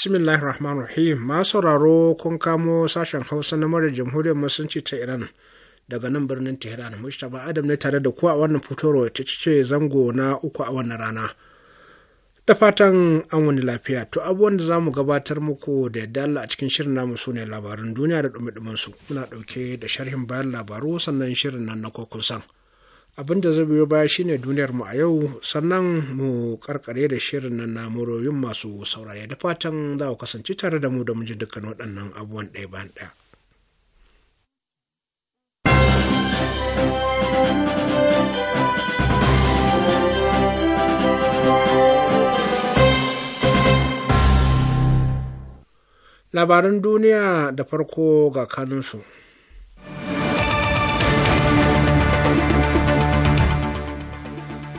bismillahir rahmanir rahim masu sauraro kun kamo sashen hausa na mara jamhuriyar musulunci ta iran daga nan birnin tehran ba adam ne tare da ku a wannan fitowar ta ce zango na uku a wannan rana da fatan an wani lafiya to abubuwan da zamu gabatar muku da yadda Allah a cikin shirin namu su ne labarin duniya da dumi su muna dauke da sharhin bayan labaru sannan shirin nan na kokun san abin da zai biyo baya shine duniyar mu a yau sannan mu karkare da shirin nan na muroyin masu saurare da fatan za ku kasance tare da mu da mu ji dukkan waɗannan abubuwan ɗaya bayan ɗaya Labarin duniya da farko ga kanunsu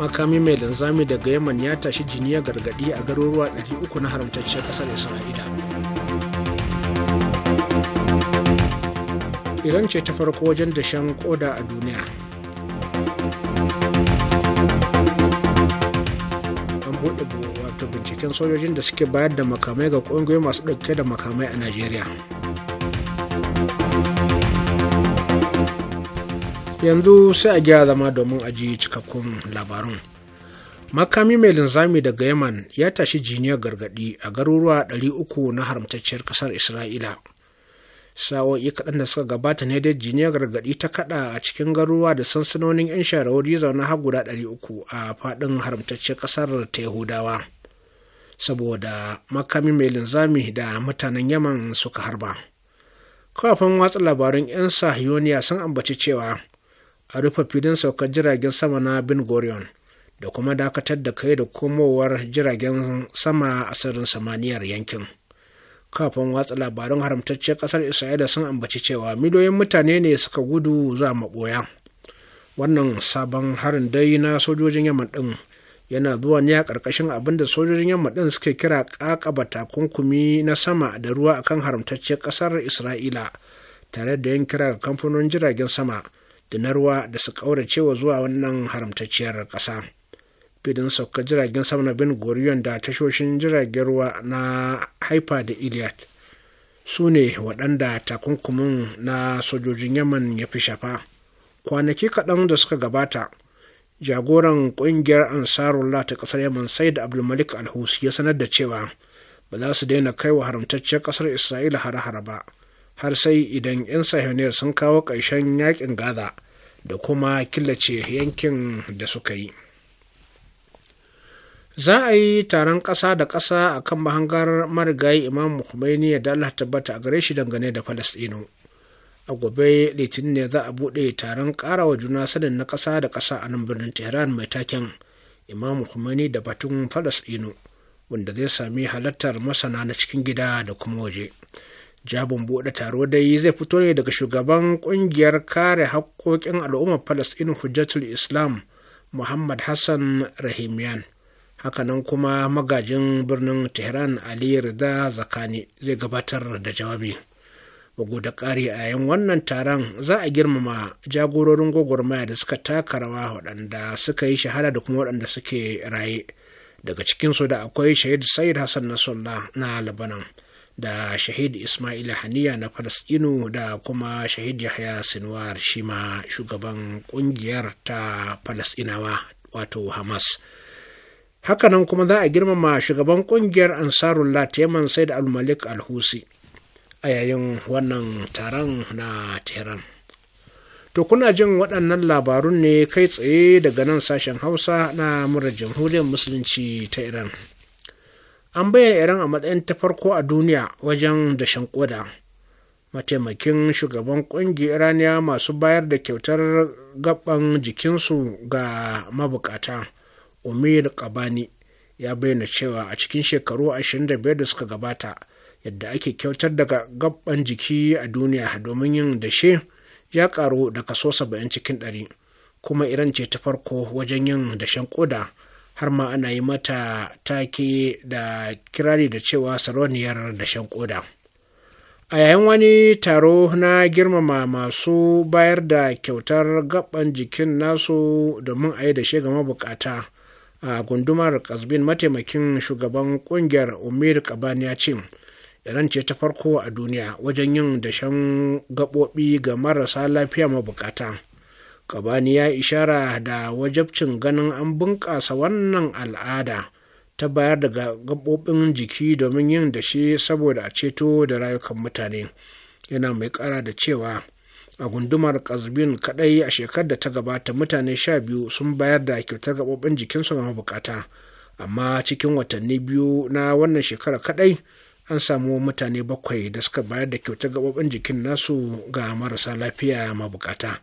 makami mai linzami daga yaman ya tashi jini ya gargadi a garuruwa 300 na haramtacciyar kasar isra'ila iran ce ta farko wajen dashen koda a duniya an buɗe wato binciken sojojin da suke bayar da makamai ga ƙungiyoyi masu ɗauke da makamai a najeriya yanzu sai a gyara zama domin a ji cikakkun labarun makami mai linzami daga yaman ya tashi jiniyar gargadi a garuruwa 300 na haramtacciyar kasar isra'ila sa'o'i kaɗan da suka gabata ne dai jiniyar gargadi ta kaɗa a cikin garuruwa da sansanonin 'yan shahararwar zaune har guda 300 a faɗin haramtacciyar kasar ta yahudawa saboda makami mai linzami da mutanen yaman suka harba Kafin watsa labarun 'yan sahiyoniya sun ambaci cewa a rufe filin saukar jiragen sama na bin gorion da kuma dakatar da kai da komowar jiragen sama a sirrin samaniyar yankin kafin watsa labarun haramtacciyar kasar isra'ila sun ambaci cewa miliyoyin mutane ne suka gudu zuwa maɓoya wannan sabon harin dai na sojojin yamma ɗin yana zuwa ne a ƙarƙashin abin da sojojin yamma ɗin suke kira ƙaƙaba takunkumi na sama da ruwa akan haramtacciyar ƙasar isra'ila tare da yin kira ga kamfanonin jiragen sama da narwa da su wa zuwa wannan haramtacciyar ƙasa filin sauka jiragen sama na goriyon Goriyon da tashoshin jiragen ruwa na haifa da iliad su ne waɗanda takunkumin na sojojin yaman ya fi shafa kwanaki kaɗan da suka gabata jagoran ƙungiyar ansarullah ta ƙasar yaman da abdulmalik alhus ya sanar da cewa ba za su daina kai wa haramtacciyar ƙasar isra'ila hare-hare ba har sai idan 'yan sahiyoniyar sun kawo ƙarshen yakin gaza da kuma killace yankin da suka yi za a yi taron ƙasa da ƙasa a kan mahangar marigayi imam khomeini ya dala tabbata a gare shi dangane da falastino a gobe litinin ne za a buɗe taron ƙarawa juna sanin na ƙasa da ƙasa a nan birnin tehran mai taken imam khomeini da batun falastino wanda zai sami halartar masana na cikin gida da kuma waje jabin buɗe taro dai zai fito ne daga shugaban ƙungiyar kare haƙƙoƙin al'ummar falasɗin hujjatul islam muhammad hassan rahimiyan hakanan kuma magajin birnin tehran ali rida zakani zai gabatar da jawabi bugu da ƙari a yayin wannan taron za a girmama jagororin gwagwarmaya da suka taka rawa waɗanda suka yi shahada da kuma waɗanda suke raye daga cikinsu da akwai shahid said hassan nasrallah na labanan da shahid ismail haniya na falasɗinu da kuma shahid yahya sinwar shima shugaban ƙungiyar ta falasɗinawa wato hamas hakanan kuma za a girmama shugaban ƙungiyar ansarullah yaman sai da almalik alhusi a yayin wannan taron na tehran to kuna jin waɗannan labarun ne kai tsaye daga nan sashen hausa na murar jamhuriyar musulunci ta iran an bayyana iran a matsayin ta farko a duniya wajen dashen koda mataimakin shugaban kungiyar iraniya masu bayar da kyautar gaban jikinsu ga mabukata umir kabani ya bayyana cewa a cikin shekaru 25 da suka gabata yadda ake kyautar daga gaban jiki a duniya domin yin dashe ya karu da kaso 70 cikin 100 kuma iran ce ta farko wajen yin dashen koda har ma ana yi mata take da kirari da cewa sarauniyar dashen koda a yayin wani taro na girmama masu bayar da kyautar gaban jikin nasu domin a yi dashe ga mabukata a gundumar kasbin mataimakin shugaban kungiyar umir kaban ya ce iran ce ta farko a duniya wajen yin dashen gaɓoɓi ga marasa lafiya mabukata kabani ya ishara da wajabcin ganin an bunƙasa wannan al'ada ta bayar da gaɓoɓin jiki domin yin da shi saboda a ceto da rayukan mutane yana mai ƙara da cewa a gundumar kazbin kaɗai a shekarar da ta gabata mutane sha biyu sun bayar da kyautar gaɓoɓin jikinsu ga mabukata amma cikin watanni biyu na wannan shekara kaɗai an samu mutane bakwai da suka bayar da kyautar gaɓoɓin jikin nasu ga marasa lafiya mabukata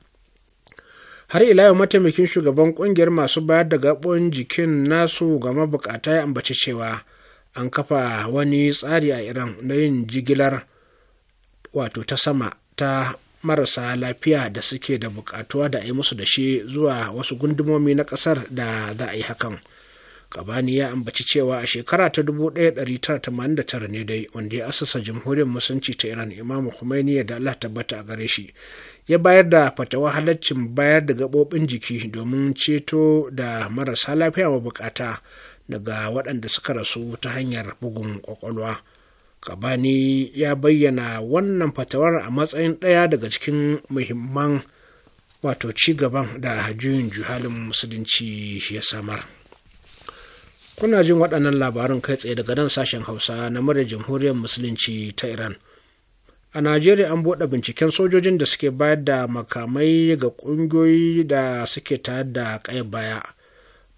har ila yau mataimakin shugaban kungiyar masu bayar da gaɓon jikin nasu ga mabukata ya ambaci cewa an kafa wani tsari a iran na yin jigilar wato ta sama ta marasa lafiya da suke da bukatuwa da a yi musu da shi zuwa wasu gundumomi na kasar da za a yi hakan kabani ya ambaci cewa a shekara ta 1989 ne dai wanda ya asasa jamhuriyar musulunci ta iran imamu khomeini da allah tabbata a gare shi ya bayar da fatawa halaccin bayar da gaɓoɓin jiki domin ceto da marasa lafiya wa bukata daga waɗanda suka rasu ta hanyar bugun ƙwaƙwalwa. Kabani ya bayyana wannan fatawar a matsayin ɗaya daga cikin muhimman wato ci gaban da juyin juhalin musulunci ya samar. Kuna jin waɗannan labarin kai tsaye daga nan sashen Hausa na murar Jamhuriyar Musulunci ta Iran. a najeriya an buɗe binciken sojojin da suke bayar da makamai ga ƙungiyoyi da suke tayar da kai baya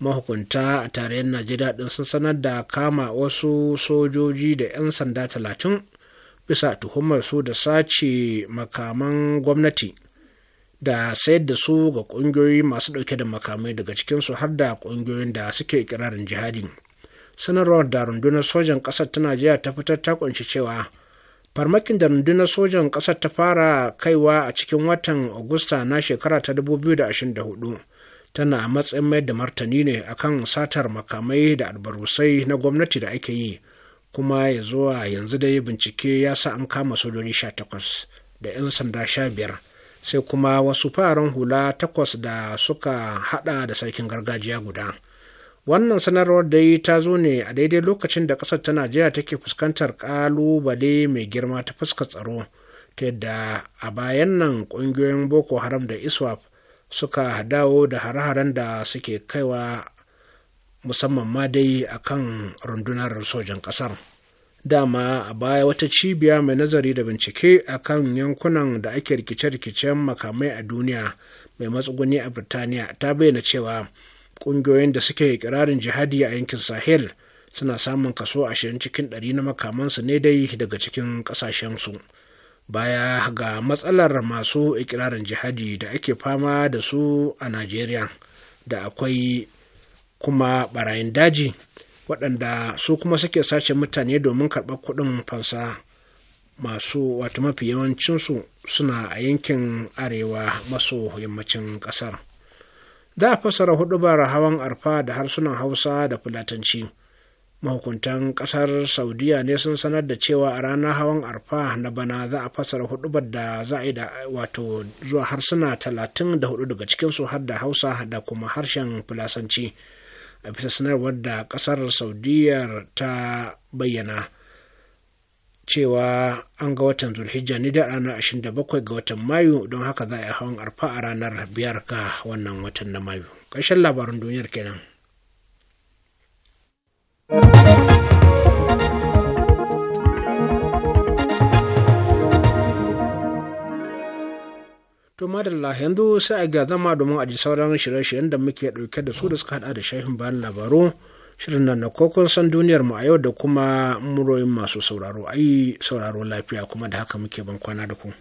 mahukunta a tarayyar najeriya ɗin sun sanar da kama wasu sojoji da 'yan sanda talatin bisa tuhumar su da sace makaman gwamnati da sayar da su ga ƙungiyoyi masu ɗauke da makamai daga cikinsu har da ƙungiyoyin da suke ikirarin jihadi sanarwar da rundunar sojan ƙasar ta najeriya ta fitar ta ƙunshi cewa farmakin da rundunar sojan ƙasar ta fara kaiwa a cikin watan agusta na shekara ta 2024 tana matsayin mai da martani ne akan satar makamai da albarusai na gwamnati da ake yi kuma ya zuwa yanzu da dai bincike ya sa an kama sojoji 18 da 'yan sanda 15 sai kuma wasu fararen hula takwas da suka hada da sarkin gargajiya guda. wannan sanarwar dai ta zo ne a daidai lokacin da ƙasar ta najeriya take fuskantar ƙalubale mai girma ta fuska tsaro ta yadda a bayan nan ƙungiyoyin boko haram da iswap suka dawo da hare-haren da suke kaiwa musamman ma dai a kan rundunar sojan ƙasar dama a baya wata cibiya mai nazari da bincike a kan yankunan da ake rikice-rikicen makamai a duniya mai matsuguni a birtaniya ta bayyana cewa ƙungiyoyin da suke ikirarin jihadi a yankin sahel suna samun kaso ashirin cikin ɗari na makamansu ne dai daga cikin ƙasashensu baya ga matsalar masu ikirarin jihadi da ake fama da su a najeriya da akwai kuma barayin daji waɗanda su kuma suke sace mutane domin karɓar kuɗin fansa masu wata mafi yawancinsu suna a yankin arewa maso yammacin ƙasar. za a fassara hudubar hawan arfa da harsunan hausa da fulatanci mahukuntan kasar saudiya ne sun sanar da cewa a ranar hawan arfa na bana za a fassara hudubar da za a yi da wato zuwa harsuna talatin da hudu daga cikinsu har da hausa da kuma harshen fulasanci a bisa sanarwar da kasar saudiyar ta bayyana cewa an ga watan zulhijja ne da ranar 27 ga watan mayu don haka za a yi hawan arfa a ranar biyar ga wannan watan na mayu ƙarshen labarin duniyar kenan. To madalla yanzu sai a ga zama domin a ji sauran shirye-shiryen da muke ɗauke da su da suka haɗa da shahin bayan labaru shirin nan na kokon san duniyar mu a yau da kuma muroyin masu sauraro ai sauraro lafiya kuma da haka muke ban kwana da ku.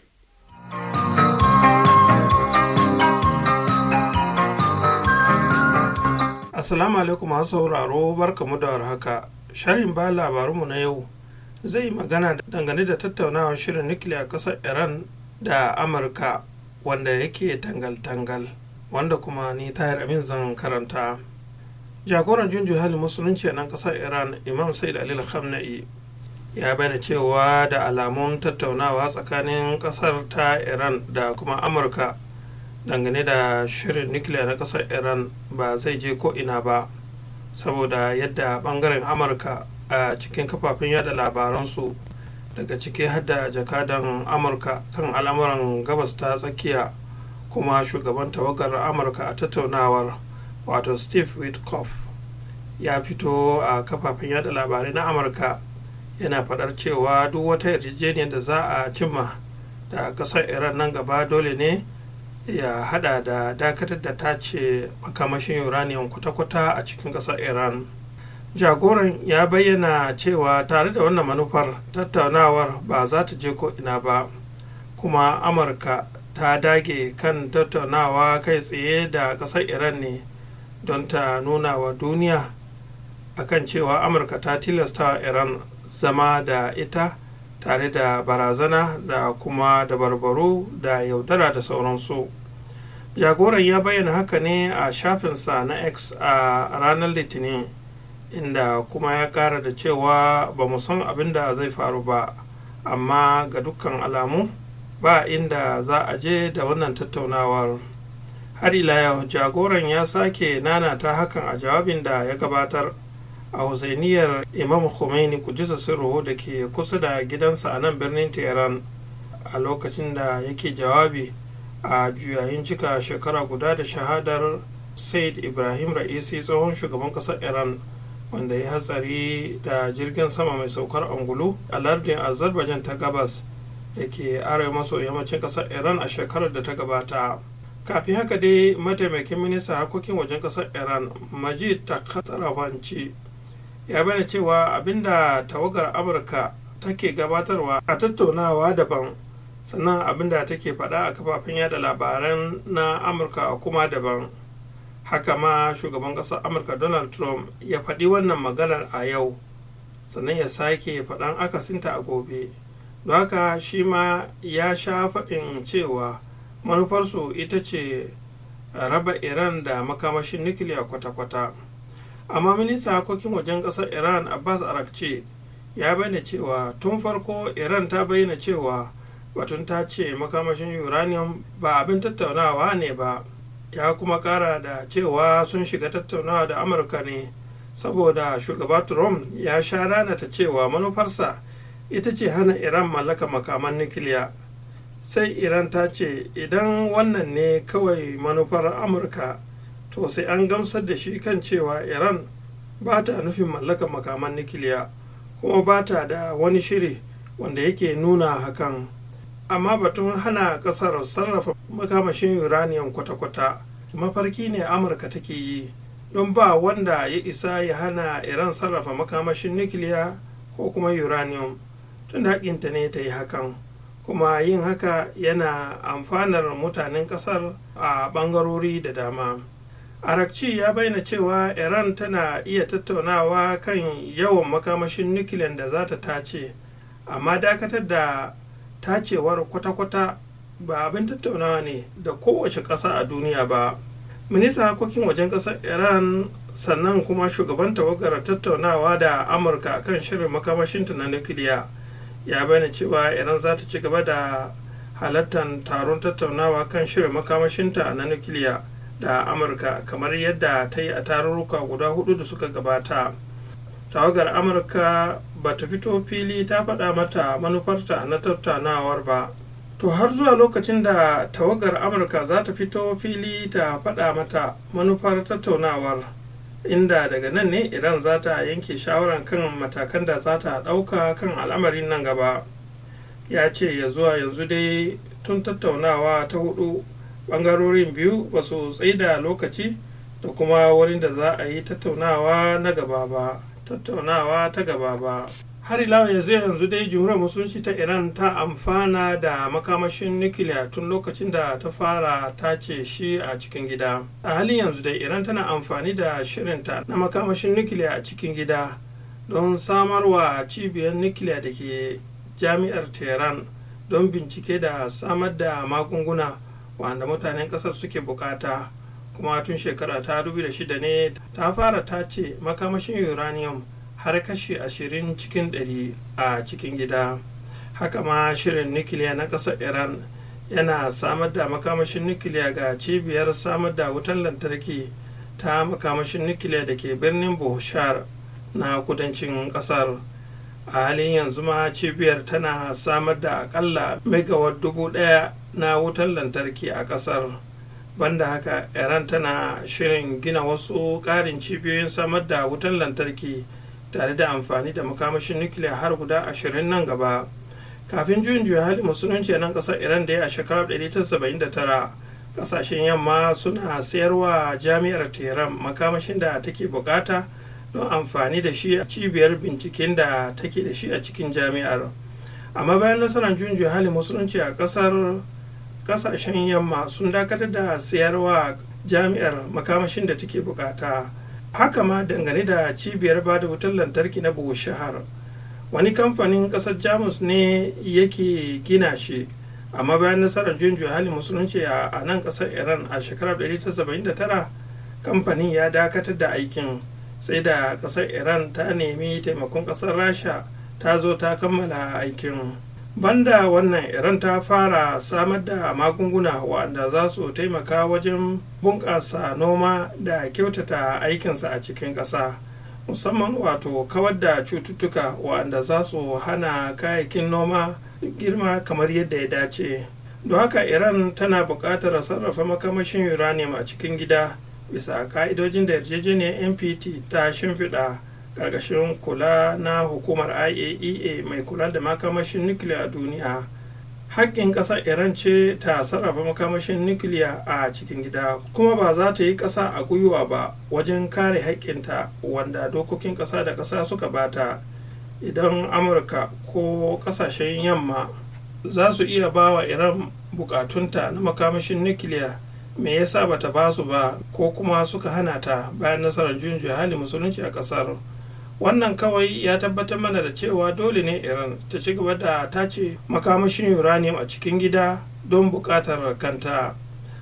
Assalamu alaikum masu sauraro barkamu da haka, Sharhin ba labarunmu na yau zai yi magana dangane da tattaunawar shirin nukiliya ƙasar Iran da Amurka wanda yake tangal-tangal wanda kuma ni tayar amin zan karanta. jagoran junju hali musulunci a nan kasar iran imam said alil khamna'i ya bayyana cewa da alamun tattaunawa tsakanin kasar ta iran da kuma amurka dangane da shirin nukiliya na kasar iran ba zai je ko ina ba saboda yadda bangaren amurka a cikin kafafen yada labaransu daga ciki hadda jakadan amurka kan al'amuran gabas ta tsakiya kuma shugaban tawagar amurka a tattaunawar wato steve witkoff ya fito a kafafen yada labarai na amurka yana faɗar cewa duk wata yarjejeniyar da za a cimma da ƙasar iran nan gaba dole ne ya hada da dakatar da ta ce makamashin uranium kwata-kwata a cikin ƙasar iran jagoran ya bayyana cewa tare da wannan manufar tattaunawar ba za ta je ko'ina ba kuma amurka ta dage kan tattaunawa kai tsaye da ƙasar iran ne don ta nuna wa duniya akan cewa amurka ta tilasta iran zama da ita tare da barazana da kuma dabarbaru da yaudara da sauransu jagoran ya bayyana haka ne a shafinsa na x a ranar litinin inda kuma ya kara da cewa ba mu san abin da zai faru ba amma ga dukkan alamu ba inda za a je da wannan tattaunawar har ila yau jagoran ya sake nanata hakan a jawabin da ya gabatar a husainiyar imam khomeini kujisa sirruhu da ke kusa da gidansa a nan birnin tehran a lokacin da yake jawabi a juyayin cika shekara guda da shahadar said ibrahim ra'isi tsohon shugaban kasar iran wanda ya hatsari da jirgin sama mai saukar angulu a lardin azerbaijan ta gabas da ke arewa maso yammacin kasar iran a shekarar da ta gabata kafin haka dai mataimakin ministan harkokin wajen kasar iran majid takatarabanci ya bayyana cewa abinda tawagar amurka take gabatarwa a tattaunawa daban sannan abinda take faɗa a kafafen yada labaran na amurka a kuma daban haka ma shugaban ƙasar amurka donald trump ya faɗi wannan maganar a yau sannan ya sake faɗan akasinta a gobe don haka shi ma ya sha faɗin cewa manufarsu ita ce raba iran da makamashin nukiliya kwata-kwata amma minista harkokin wajen kasar iran abbas arakce ya bayyana cewa tun farko iran ta bayyana cewa batun ta ce makamashin uranium ba abin tattaunawa ne ba ya kuma kara da cewa sun shiga tattaunawa da amurka ne saboda shugaba trump ya sha rana ta cewa manufarsa ita ce hana iran mallaka makaman nukiliya sai iran ta ce idan wannan ne kawai manufar amurka to sai an gamsar da shi kan cewa iran ba ta nufin mallaka makaman nukiliya kuma ba ta da wani shiri wanda yake nuna hakan amma batun hana kasar sarrafa makamashin uranium kwata-kwata mafarki ne amurka take yi don ba wanda ya isa ya hana iran sarrafa makamashin nukiliya ko kuma uranium tun da ne ta yi hakan kuma yin haka yana amfanar mutanen kasar a bangarori da dama arakci ya bayyana cewa iran tana iya tattaunawa kan yawan makamashin nukiliyan da za ta tace amma dakatar da tacewar kwata-kwata ba abin tattaunawa ne da kowace ƙasa a duniya ba ministan harkokin wajen kasar iran sannan kuma shugaban tawagar tattaunawa da amurka kan shirin makamashinta na nukiliya ya bayyana cewa iran za ta ci gaba da halartar taron tattaunawa kan shirin makamashinta na nukiliya da amurka kamar yadda ta yi a tarurruka guda hudu da suka gabata tawagar amurka ba ta fito fili ta faɗa mata manufarta na tattaunawar ba to har zuwa lokacin da tawagar amurka za ta fito fili ta faɗa mata manufar tattaunawar inda daga nan ne iran za ta yanke shawarar kan matakan da za ta ɗauka kan al'amarin nan gaba ya ce ya zuwa yanzu dai tun tattaunawa ta hudu ɓangarorin biyu ba su tsaida lokaci da kuma wurin da za a yi tattaunawa na gaba ba tattaunawa ta gaba ba har ila yanzu yanzu dai jumhuriyar musulunci ta iran ta amfana da makamashin nukiliya tun lokacin da ta fara tace shi a cikin gida a halin yanzu dai iran tana amfani da shirinta na makamashin nukiliya a cikin gida don samarwa cibiyar nukiliya da ke jami'ar tehran don bincike da samar da magunguna wanda mutanen kasar suke bukata kuma tun shekara ta 2006 ne ta fara tace makamashin uranium har kashi ashirin cikin ɗari a cikin gida haka ma shirin nukiliya na ƙasar iran yana samar da makamashin nukiliya ga cibiyar samar da wutan lantarki ta makamashin nukiliya da ke birnin bohushar na kudancin ƙasar a halin yanzu ma cibiyar tana samar da akalla megawar dubu ɗaya na wutan lantarki a ƙasar banda haka iran tana shirin gina wasu ƙarin cibiyoyin samar da wutan lantarki tare da amfani da makamashin nukiliya har guda ashirin nan gaba kafin juyin juyin hali musulunci nan kasar iran da ya a shekarar 1979 kasashen yamma suna sayarwa jami'ar tehran makamashin da take bukata don amfani da shi a cibiyar binciken da take da shi a cikin jami'ar amma bayan nasarar juyin juyin hali musulunci a kasar kasashen yamma sun dakatar da sayarwa jami'ar makamashin da take bukata haka ma dangane da cibiyar ba da wutar lantarki na bushahar wani kamfanin kasar jamus ne yake gina shi amma bayan nasarar juyin halin musulunci a nan kasar iran a shekarar 1979 kamfanin ya dakatar da aikin sai da kasar iran ta nemi taimakon kasar rasha ta zo ta kammala aikin. banda wannan iran ta fara samar da magunguna waɗanda za su taimaka wajen bunƙasa noma da kyautata aikinsa a cikin ƙasa musamman wato kawar da cututtuka waɗanda za su hana kayayyakin noma girma kamar yadda ya dace don haka iran tana buƙatar sarrafa makamashin uranium a cikin gida bisa ka'idojin da yarjejeniyar npt ta shimfiɗa ƙarƙashin kula na hukumar iaea e mai kula da makamashin nukiliya a duniya haƙƙin ƙasa iran ce ta sarrafa makamashin nukiliya a cikin gida kuma ba za ta yi ƙasa a gwiwa ba wajen kare haƙƙinta wanda dokokin ƙasa da ƙasa suka bata idan amurka ko ƙasashen yamma za su iya ba wa iran bukatunta na makamashin nukiliya me yasa bata ba su ba ko kuma suka hana ta bayan nasarar juyin hali musulunci a ƙasar wannan kawai ya tabbatar mana da cewa dole ne iran ta ci gaba da ce makamashin uranium a cikin gida don buƙatar kanta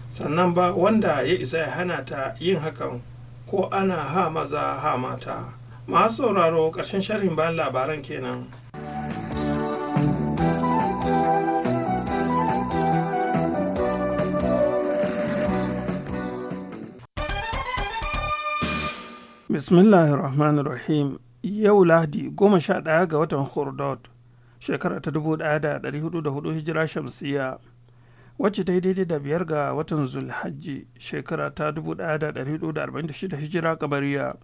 sannan ba wanda ya isa ya hana ta yin hakan ko ana ha maza ha mata masu sauraro ƙarshen sharhin bayan labaran kenan. bismillahirrahmanirrahim yau lahadi goma sha ɗaya ga watan hurdot shekara ta dubu ɗaya da ɗari hudu da hudu hijira shamsiya wacce ta yi daidai da biyar ga watan zulhajji shekara ta dubu ɗaya da ɗari hudu da arba'in da shida hijira kamariya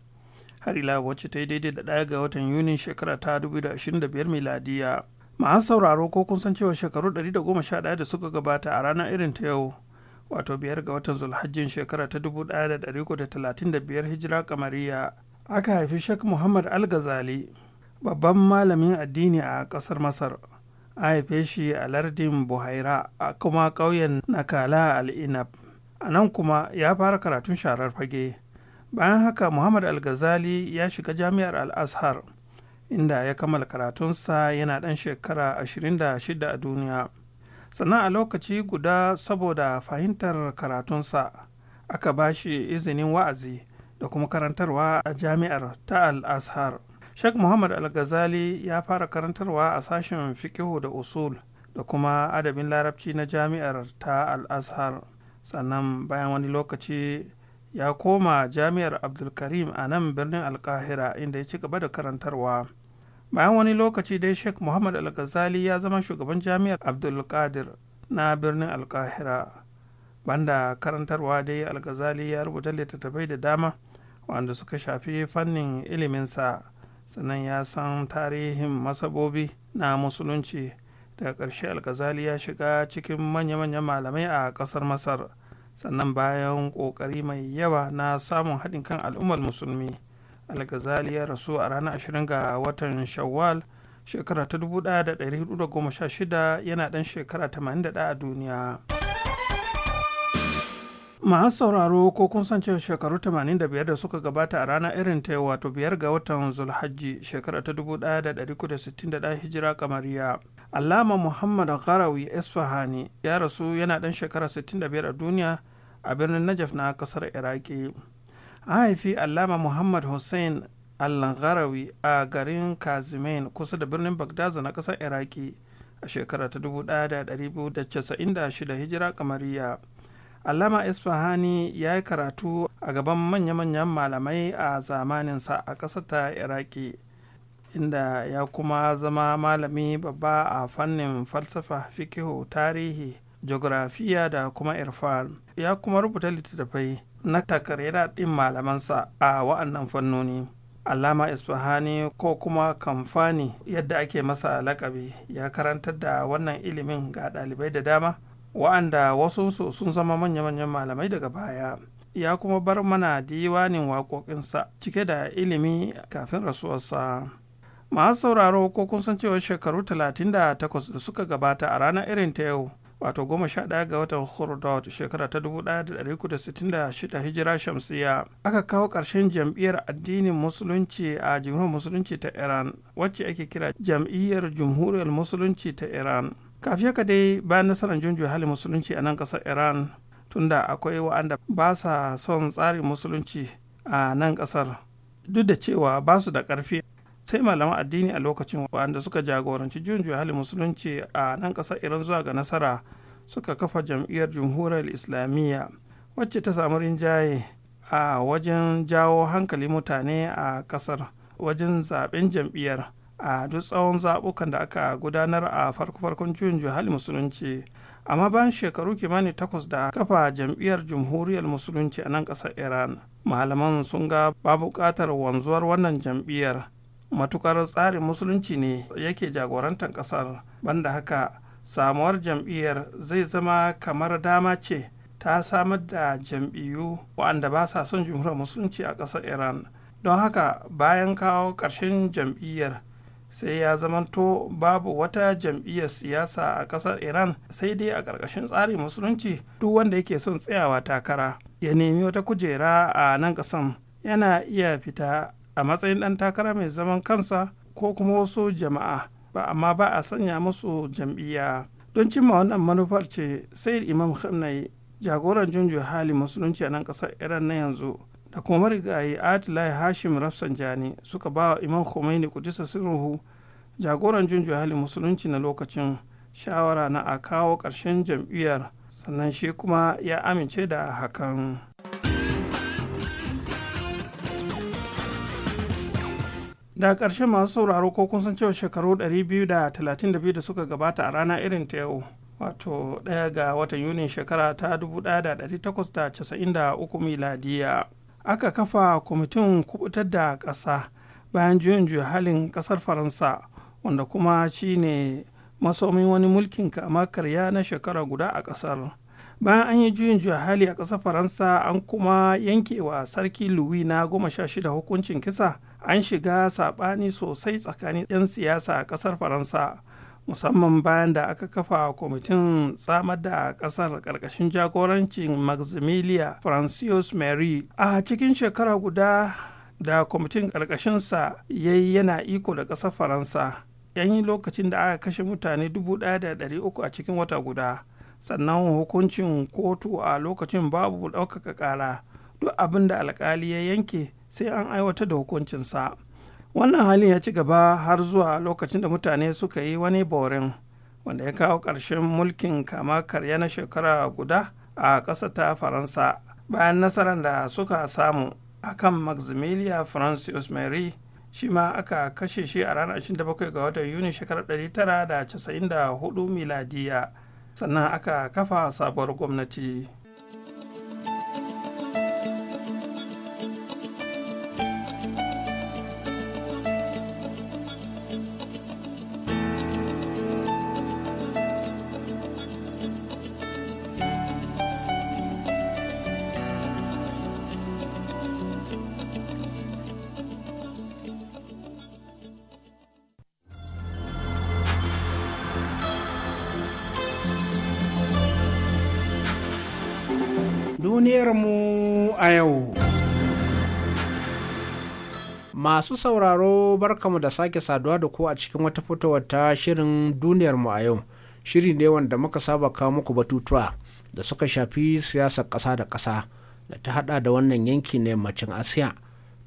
har ila wacce ta yi daidai da ɗaya ga watan yunin shekara ta dubu da ashirin da biyar miladiya an sauraro ko kun san cewa shekaru ɗari da goma sha ɗaya da suka gabata a ranar irin ta yau wato biyar ga watan zulhajjin shekara ta dubu ɗaya da ɗari da talatin da biyar hijira kamariya aka haifi Sheikh Muhammad Al-Ghazali babban malamin addini a ƙasar Masar. A haife shi a lardin Buhaira a kuma ƙauyen Nakala Al-Inab. A nan kuma ya fara karatun sharar fage. Bayan haka Muhammad Al-Ghazali ya shiga jami'ar Al-Azhar inda ya kammala karatunsa yana ɗan shekara 26 a duniya. Sannan a lokaci guda saboda fahimtar karatunsa aka ba shi izinin wa'azi. da kuma karantarwa a jami'ar ta al-azhar sheikh muhammad al-ghazali ya fara karantarwa a sashen fikihu da usul da kuma adabin larabci na jami'ar ta al-azhar sannan bayan wani lokaci ya koma jami'ar abdulkarim a nan birnin alkahira inda ya ci gaba da karantarwa bayan wani lokaci dai sheikh muhammad al-ghazali ya zama shugaban jami'ar abdulkadir na birnin alkahira banda karantarwa dai algazali ya rubuta littattafai da dama wanda suka shafi fannin iliminsa sannan ya san tarihin masabobi na musulunci daga ƙarshe algazali ya shiga cikin manya-manyan malamai a ƙasar masar sannan bayan ƙoƙari mai yawa na samun haɗin kan al'ummar musulmi algazali ya rasu a ranar 20 ga watan shawwal shekara ta 1416 yana ɗan shekara 81 a duniya. masu sauraro ko kun san cewa shekaru 85 da suka gabata a ranar irin ta wato biyar ga watan zulhajji shekara ta 1961 hijira kamariya allama muhammad gharawi isfahani ya rasu yana dan shekara 65 a duniya a birnin najaf na kasar iraki an haifi allama muhammad hussein al-gharawi a garin kazimain kusa da birnin bagdaza na kasar iraki a shekara ta 1296 hijira kamariya Allama Isfahani ya yi karatu a gaban manya-manyan malamai a zamaninsa a ƙasar ta Iraki, inda ya kuma zama malami babba a fannin falsafa, fikihu, tarihi, geografiya da kuma irfan. Ya kuma rubuta littattafai na takarira ɗin malamansa a wa'annan fannoni. Allama Isfahani ko kuma kamfani yadda ake masa lakabi ya karantar da wannan ilimin ga ɗalibai da dama. wa'anda wasunsu sun zama manya-manyan malamai daga baya ya kuma bar mana diwanin waƙoƙinsa cike da ilimi kafin rasuwarsa masu sauraro ko kun san cewa shekaru 38 da suka gabata a ranar irin ta yau wato 11 ga watan hurdot shekara ta 1966 hijira shamsiya aka kawo ƙarshen jam'iyyar addinin musulunci a jamhuriyar musulunci ta iran wacce ake kira jam'iyyar jamhuriyar musulunci ta iran Kafiya ka dai bayan nasarar junju hali musulunci a nan kasar iran tunda akwai wa'anda ba sa son tsarin musulunci a nan kasar duk da cewa ba su da ƙarfi sai malaman addini a lokacin wa'anda suka jagoranci junju hali musulunci a nan kasar iran zuwa ga nasara suka kafa jam'iyyar jamhuriyar islamiyya wacce ta samu rinjaye a wajen jawo hankali mutane a ƙasar wajen zaben jam'iyyar a duk tsawon zaɓukan da aka gudanar a farko-farkon juyin juhali musulunci amma bayan shekaru kimanin takwas da kafa jam'iyyar jamhuriyar musulunci a nan ƙasar iran malaman sun ga ba buƙatar wanzuwar wannan jam'iyyar matukar tsarin musulunci ne yake jagorantar ƙasar banda haka samuwar jam'iyyar zai zama kamar dama ce ta samar da jam'iyyu waɗanda ba sa son jamhuriyar musulunci a ƙasar iran don haka bayan kawo ƙarshen jam'iyyar sai ya zamanto babu wata jam'iyyar siyasa a ƙasar iran sai dai a ƙarƙashin tsarin musulunci duk wanda yake son tsayawa takara ya nemi wata kujera a nan ƙasan yana iya fita a matsayin ɗan takara mai zaman kansa ko kuma wasu jama'a ba amma ba a sanya musu jam'iyya don cimma wannan manufar ce sai imam khamnai jagoran junjo hali musulunci a nan ƙasar iran na yanzu da kuma marigayi atilai hashim rafsanjani suka ba wa imam khomeini kudisa sirruhu jagoran junju hali musulunci na lokacin shawara na a kawo ƙarshen jam'iyyar sannan shi kuma ya amince da hakan da ƙarshen masu sauraro ko kun san cewa shekaru 232 da suka gabata a rana irin ta yau wato ɗaya ga watan yunin shekara ta 1893 miladiya aka kafa kwamitin kubutar da ƙasa bayan juyin juya halin ƙasar faransa wanda kuma shi ne masomin wani mulkin kama karya na shekara guda a ƙasar bayan an yi juyin juya hali a ƙasar faransa an kuma yanke wa sarki louis na goma sha shida hukuncin kisa an shiga saɓani sosai tsakanin 'yan siyasa a ƙasar faransa musamman bayan da aka kafa kwamitin tsamar da kasar karkashin jagorancin maximilia francis mary a cikin shekara guda da kwamitin karkashinsa ya yi yana iko da kasar faransa yan yi lokacin da aka kashe mutane 1,300 a cikin wata guda sannan hukuncin kotu a lokacin babu ɗaukaka ƙara duk abin da alkali ya yanke sai an aiwatar da hukuncinsa wannan halin ya ci gaba har zuwa lokacin da mutane suka yi wani borin wanda ya kawo ƙarshen mulkin kama karya na shekara guda a ƙasa ta faransa bayan nasarar da suka samu akan maximilia francis mary shi ma aka kashe shi a ranar 27 ga watan yuni shekarar 1994 miladiya sannan aka kafa sabuwar gwamnati yau. Masu sauraro barkamu da sake saduwa da ku a cikin wata fitowar ta shirin duniyarmu a yau. Shiri ne wanda muka saba kawo muku batutuwa da suka shafi siyasar ƙasa da ƙasa da ta hada da wannan yanki na yammacin Asiya.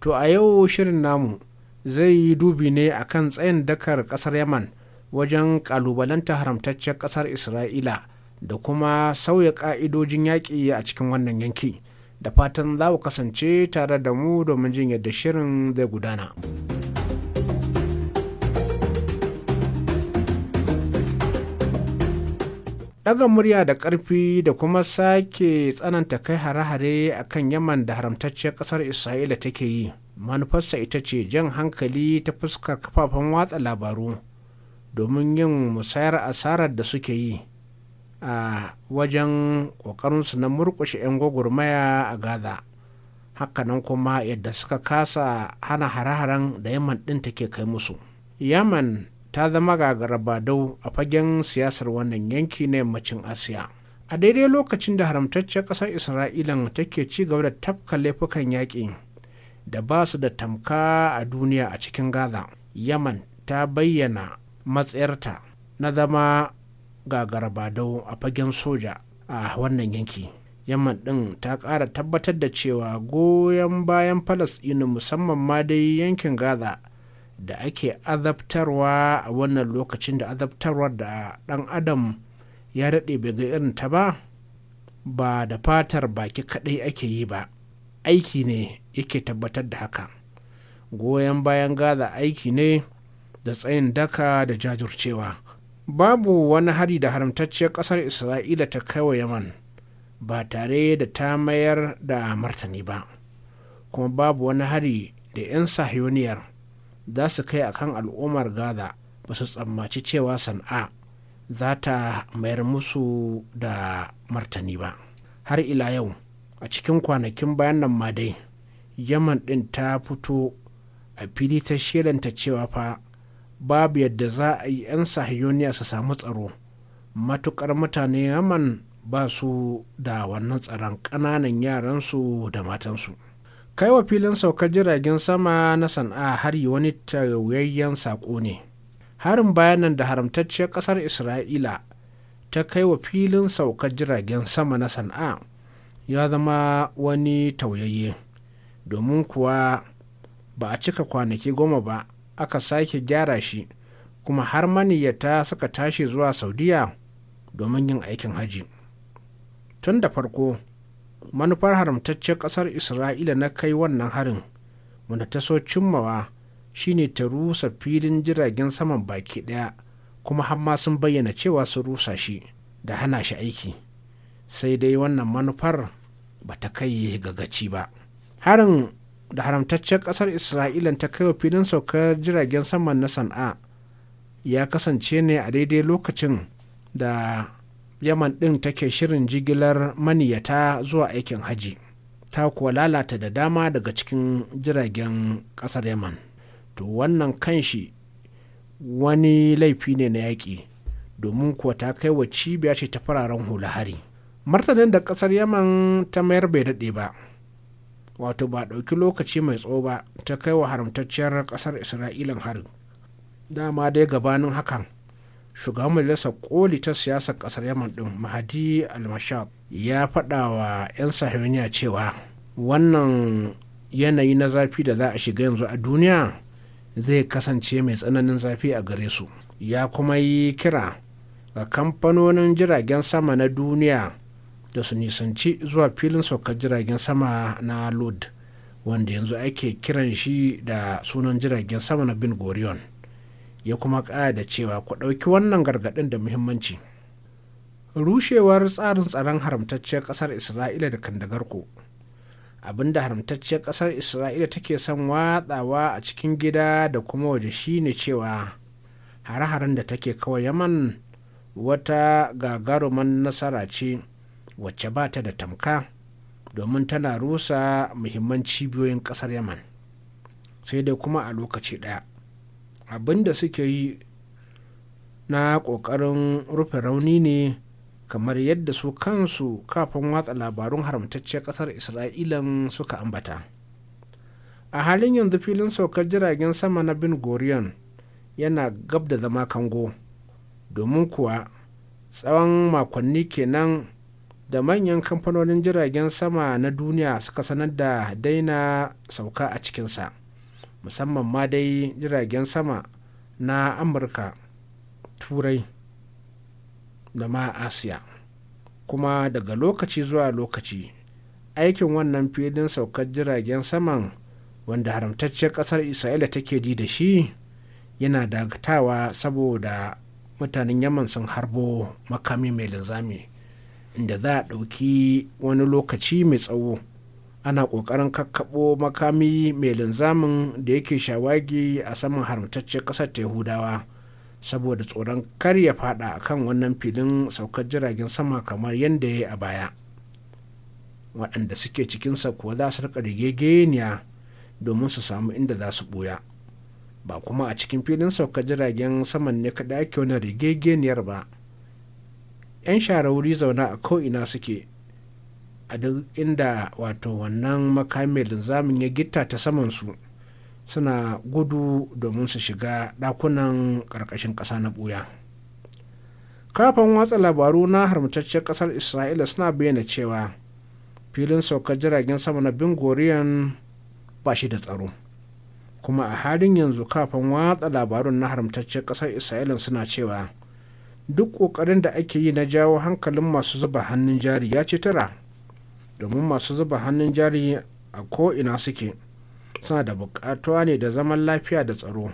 To a yau shirin namu zai yi dubi ne akan tsayin dakar ƙasar Yaman wajen ƙalubalanta haramtaccen ƙasar Isra'ila da kuma sauya ƙa'idojin yaƙi a cikin wannan yanki. da fatan za ku kasance tare da mu domin jin yadda shirin zai gudana. ɗaga murya da ƙarfi da kuma sake tsananta kai hare-hare a kan yaman da haramtacciyar ƙasar isra'ila take yi manufarsa ita ce jan hankali ta fuskar kafafen watsa labaru domin yin musayar asarar da suke yi a wajen ƙoƙarinsu na murƙushe 'yan gwagwarmaya a gaza hakanan kuma yadda suka kasa hana hare-haren da yaman ɗin take kai musu yaman ta zama gagarabadau a fagen siyasar wannan yanki na yammacin asiya a daidai lokacin da haramtaccen ƙasar isra'ila take ci gaba da tafka laifukan yaƙi da ba su da tamka a duniya a cikin gaza yaman ta bayyana matsayarta na zama ga garbadau a fagen soja a wannan yanki yamman ɗin ta ƙara tabbatar da cewa goyon bayan falasɗinu musamman ma dai yankin gaza da ake azabtarwa a wannan lokacin da azabtarwar da ɗan adam ya daɗe bai ga irin ta ba ba da fatar baki kaɗai ake yi ba aiki ne yake tabbatar da haka goyon bayan gaza aiki ne da tsayin daka da jajircewa babu wani hari da haramtacciyar ƙasar isra'ila ta kai wa yaman ba tare da ta mayar da martani ba kuma babu wani hari da 'yan sahiyoniyar za su kai kan al'ummar gaza ba su tsammaci cewa sana'a za ta mayar musu da martani ba har ila yau a cikin kwanakin bayan nan ma dai yaman ɗin ta fito a fili ta shelanta cewa fa babu yadda za a yi 'yan sahiyoniya su samu tsaro matukar mutane yaman ba su da wannan tsaron ƙananan yaransu da matansu kai wa filin saukar jiragen sama na sana'a hari wani tauyayyen saƙo ne harin bayanan da haramtacciyar ƙasar isra'ila ta kai wa filin saukar jiragen sama na sana'a ya zama wani tauyayye domin kuwa ba a cika kwanaki goma ba aka sake gyara shi kuma har maniyyata suka tashi zuwa saudiya domin yin aikin haji tun da farko manufar haramtaccen ƙasar isra'ila na kai wannan harin wanda ta so cimmawa shine ta rusa filin jiragen saman baki ɗaya kuma hamma sun bayyana cewa su rusa shi da hana shi aiki sai dai wannan manufar ba ta kai ga gaci ba harin da haramtaccen ƙasar isra'ila ta kai wa filin saukar jiragen saman na sana'a ya kasance ne a daidai lokacin da yaman ɗin take shirin jigilar maniyata zuwa aikin haji ta kuwa lalata da dama daga cikin jiragen ƙasar yaman to wannan kanshi wani laifi ne na yaƙi domin kuwa ta kai wa cibiya ce ta fararen hula hari martanin da ƙasar yaman ta mayar bai daɗe ba wato ba ɗauki lokaci mai tsawo ba ta kai wa haramtacciyar ƙasar isra'ilan harin dama dai gabanin hakan shugaban majalisar koli ta siyasar ƙasar yaman ɗin mahadi almashab ya faɗa wa 'yan sahiyoniya cewa wannan yanayi na zafi da za a shiga yanzu a duniya zai kasance mai tsananin zafi a gare su ya kuma yi kira ga kamfanonin jiragen sama na duniya da su nisanci zuwa filin saukar jiragen sama na lod wanda yanzu ake kiran shi da sunan jiragen sama na bin gorion ya kuma da cewa ku ɗauki wannan gargaɗin da muhimmanci rushewar tsarin tsaron haramtacciyar ƙasar isra'ila da kandagar ku abinda haramtacciyar ƙasar isra'ila take son watsawa a cikin gida da kuma waje shine cewa hare-haren da take kawai yaman wata gagaruman nasara ce wacce ba ta da tamka domin tana rusa muhimman cibiyoyin ƙasar yaman sai dai kuma a lokaci ɗaya abin da suke yi na ƙoƙarin rufe rauni ne kamar yadda su kansu kafin watsa labarun haramtacciyar ƙasar isra'ilan suka ambata a halin yanzu filin saukar jiragen sama na bin gorion yana gab da zama kango domin kuwa tsawon makonni kenan da manyan kamfanonin jiragen sama na duniya suka sanar da daina sauka a cikinsa musamman ma dai jiragen sama na amurka turai da ma asiya kuma daga lokaci zuwa lokaci aikin wannan filin saukar jiragen saman wanda haramtacciyar ƙasar isra'ila take ji da shi yana dagatawa saboda mutanen yaman sun harbo makami mai linzami da za a ɗauki wani lokaci mai tsawo ana ƙoƙarin kakkaɓo makami mai linzamin da yake shawagi a saman haramtaccen ƙasar ta yahudawa saboda tsoron kar ya fada a kan wannan filin saukar jiragen sama kamar yadda ya yi a baya waɗanda suke cikinsa kuwa za su rika rigegeniya domin su samu inda za su ɓuya ba kuma a cikin filin saukar jiragen saman ne kaɗa ake wani rigegeniyar ba 'yan sharawuri wuri zaune a ko'ina suke a duk inda wato wannan makamin linzamin ya gitta ta samansu suna gudu domin su shiga ɗakunan ƙarƙashin ƙasa na ɓuya kafin watsa labaru na harmataccen ƙasar isra'ila suna bayyana cewa filin saukar jiragen sama na bingoriyan ba shi da tsaro kuma a halin yanzu kafin watsa labarun na haramtaccen ƙasar isra'ila suna cewa duk ƙoƙarin da ake yi na jawo hankalin masu zuba hannun jari ya ce tara domin masu zuba hannun jari a ko'ina suke suna da buƙatuwa ne da zaman lafiya da tsaro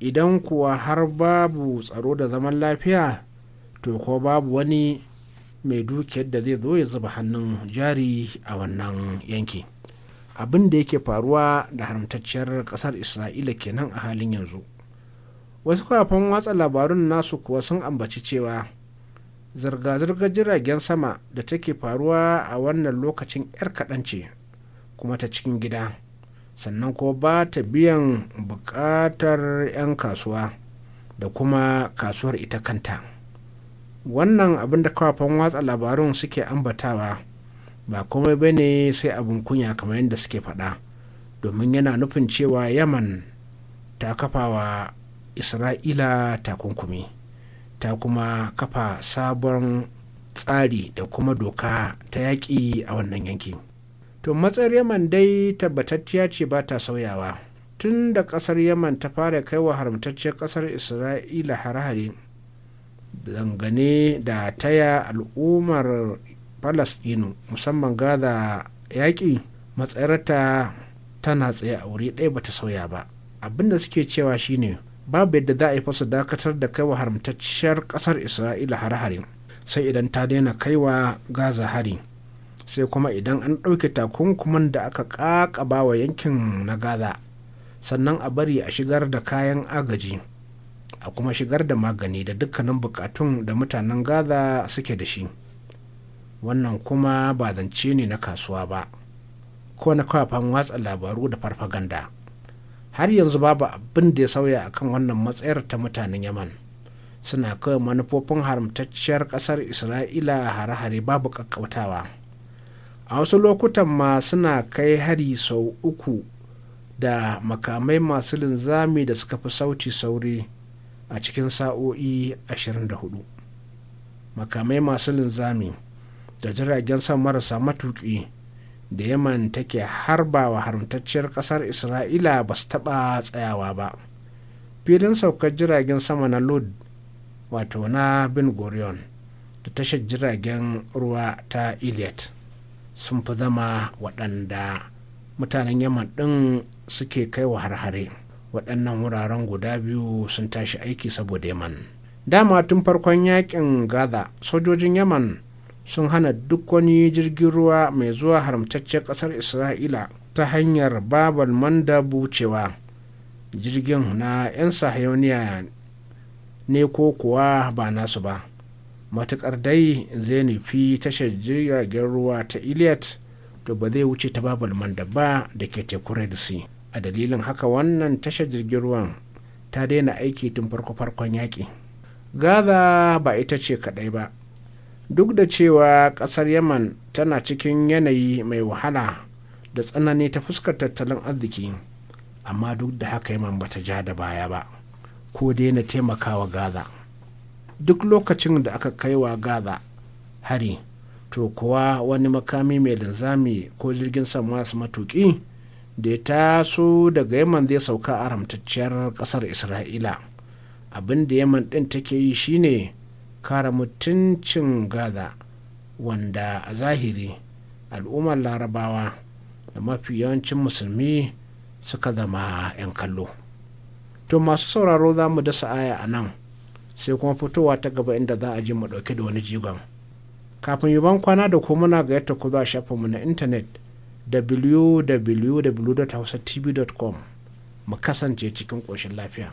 idan kuwa har babu tsaro da zaman lafiya to ko babu wani mai dukiyar da zai zo ya zuba hannun jari a wannan yanki abin da yake faruwa da haramtacciyar ƙasar isra'ila kenan a halin yanzu wasu kafin watsa labarun nasu kuwa sun ambaci cewa zirga-zirgar jiragen sama da take faruwa a wannan lokacin 'yar kaɗan ce kuma ta cikin gida sannan ko ba ta biyan buƙatar 'yan kasuwa da kuma kasuwar ita kanta wannan abin da kafin watsa labarun suke ambatawa ba komai ba ne sai abin kunya kamar yadda suke faɗa domin yana nufin cewa yaman ta kafawa isra'ila takunkumi ta kuma kafa sabon tsari da kuma doka ta yaƙi a wannan yanki to matsayar yaman dai tabbatacciya ce ba ta sauyawa tun da ƙasar yaman ta fara kai wa haramtacciyar ƙasar isra'ila har dangane da taya al'ummar falasɗinu musamman gaza yaƙi matsayarta tana tsaye a wuri ɗaya ta sauya ba abinda suke cewa shine babu yadda za a yi fasa dakatar da kaiwa haramtacciyar ƙasar isra'ila har-hari sai idan ta daina kaiwa gaza hari sai kuma idan an ɗauke takunkuman da aka ƙaƙaba wa yankin na gaza sannan a bari a shigar da kayan agaji a kuma shigar da magani da dukkanin bukatun da mutanen gaza suke da shi wannan kuma ba zance ne na kasuwa ba ko na kafafan watsa labaru da farfaganda har yanzu babu abin da ya sauya akan wannan matsayar ta mutanen yaman suna kawai manufofin haramtacciyar kasar isra'ila hare-hare babu kakkautawa a wasu lokutan ma suna kai hari sau uku da makamai masu linzami da suka fi sauti sauri a cikin sa'o'i 24 makamai masu linzami da jiragen sama marasa matuƙi da yaman take harba wa haramtacciyar kasar isra'ila ba su taɓa tsayawa ba filin saukar jiragen sama na lod wato na bin gurion da tashar jiragen ruwa ta iliad sun fi zama waɗanda mutanen yaman ɗin suke kai wa harhare waɗannan wuraren guda biyu sun tashi aiki saboda yaman dama tun farkon yakin gaza sojojin yaman sun hana duk wani jirgin ruwa mai zuwa haramtaccen ƙasar isra'ila ta hanyar babal manda bucewa jirgin na 'yan sahayoniya ne ko kuwa ba nasu ba matuƙar dai zai nufi tashar jiragen ruwa ta Iliyat, to ba zai wuce ta babal manda ba da ke teku red a dalilin haka wannan tashar jirgin ruwan ta daina aiki tun farko farkon yaƙi gaza ba ita ce kaɗai ba duk da cewa kasar yaman tana cikin yanayi mai wahala da tsanani ta fuskar tattalin arziki amma duk da haka yaman bata ja da baya ba ko daina taimakawa gaza duk lokacin da aka kai wa gaza hari to kuwa wani makami mai linzami ko jirgin sama su matuƙi da ya taso daga yaman zai sauka a ramtacciyar ƙasar isra'ila abin da yaman ɗin take yi shine kare mutuncin gaza wanda a zahiri al'ummar larabawa da mafi yawancin musulmi suka zama 'yan kallo to masu sauraro za mu dasa aya a nan sai kuma fitowa ta gaba inda za a ji mu ɗauke da wani jigon kafin yi ban kwana da kuma muna ga yadda ku za a mu na intanet www.hausatv.com mu kasance cikin ƙoshin lafiya.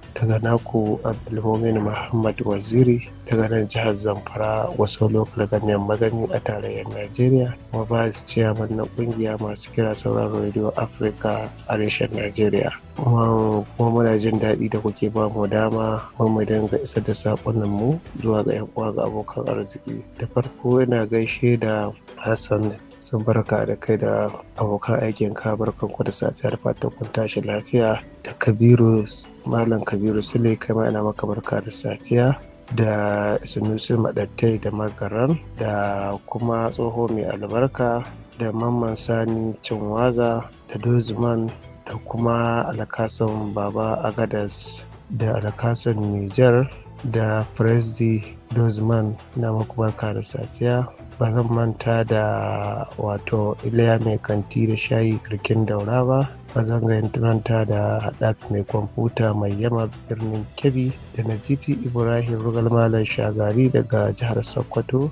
daga naku abdulmumin muhammad waziri daga nan jihar zamfara wasu lokal ganyen magani a tarayyar najeriya kuma vice chairman na kungiya masu kira sauran radio Afirka a reshen najeriya kuma muna jin daɗi da kuke ba mu dama mu dinga isa da saƙonanmu zuwa ga yan uwa ga abokan arziki da farko yana gaishe da Hassan sun barka da kai da abokan aikin ka barkanku da da fatan kun tashi lafiya da Kabiru Malam Kabiru Sule kai ma ina maka barka da safiya da sunusun Madattai da Magaran da kuma tsoho mai albarka da Mamman Sani Cinwaza da Dozman da kuma alakasan Baba Agadas da alakasan Nijar da Presdi Dozman na makubarka barka da safiya ba zan manta da wato iliya mai kanti da shayi karkin daura ba ba zan manta da haɗaf mai kwamfuta mai yama birnin kebbi da nazifi ibrahim rugal malam shagari daga jihar sokoto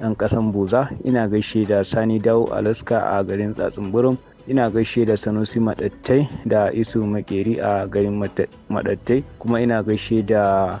ɗan ƙasan Buza, ina gaishe da Sani Dawo Alaska a garin Tsatsunburum, ina gaishe da Sanusi Maɗattai da Isu Makeri a garin madattai kuma ina gaishe da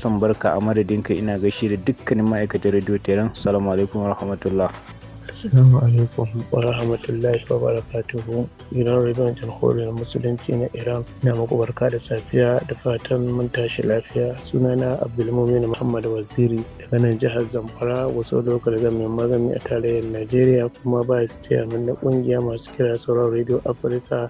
Hassan Barka a madadinka ina gaishe da dukkanin ma'aikatan Radio Tehran. salamu alaikum wa rahmatullah. Assalamu alaikum wa rahmatullahi wa barakatuhu. Gidan Rediyon Jamhuriyar Musulunci na Iran na muku barka da safiya da fatan mun tashi lafiya. Sunana Abdulmumin Muhammad Waziri daga nan jihar Zamfara wasu lokal zamin magani a tarayyar Najeriya kuma ba su ce na kungiya masu kira sauran Radio Afirka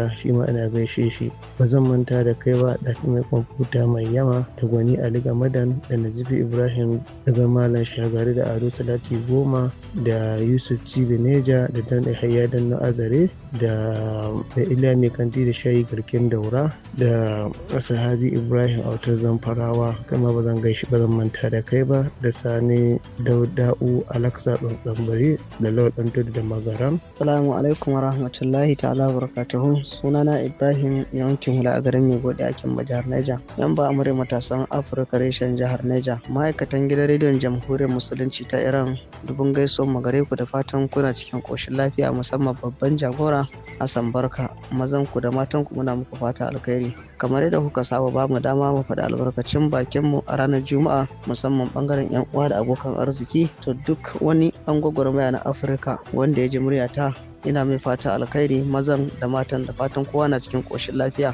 shi ma ina gaishe shi. Ba zan manta da kai ba ɗafi mai kwamfuta mai yama da gwani Ali Gamadan da Nazifi Ibrahim daga Malam Shagari da Ado Talati Goma da Yusuf Cibi Neja da Dan Yahaya Dan na Azare da mai mai kanti da shayi garkin daura da sahabi ibrahim autar zamfarawa kama ba zan gaishi ba zan manta da kai ba da sani dauda'u alaksa tsambari da lauɗan tudu da magaram salamu alaikum rahmatullahi ta'ala barakatuhu sunana ibrahim yawancin hula a garin mai gode akin jihar niger yan ba amurai matasan afirka reshen jihar niger ma'aikatan gidan rediyon jamhuriyar musulunci ta iran dubun gaisuwan magare ku da fatan kuna cikin koshin lafiya musamman babban jagora Hassan Barka mazan ku da matan ku muna muku fata alkhairi kamar yadda kuka saba ba mu dama mu faɗi albarkacin bakin mu a ranar Juma'a musamman bangaren yan uwa da abokan arziki to duk wani an gwagwarmaya na Afirka wanda ya ji muryata ina mai fata alkhairi mazan da matan da fatan kowa na cikin koshin lafiya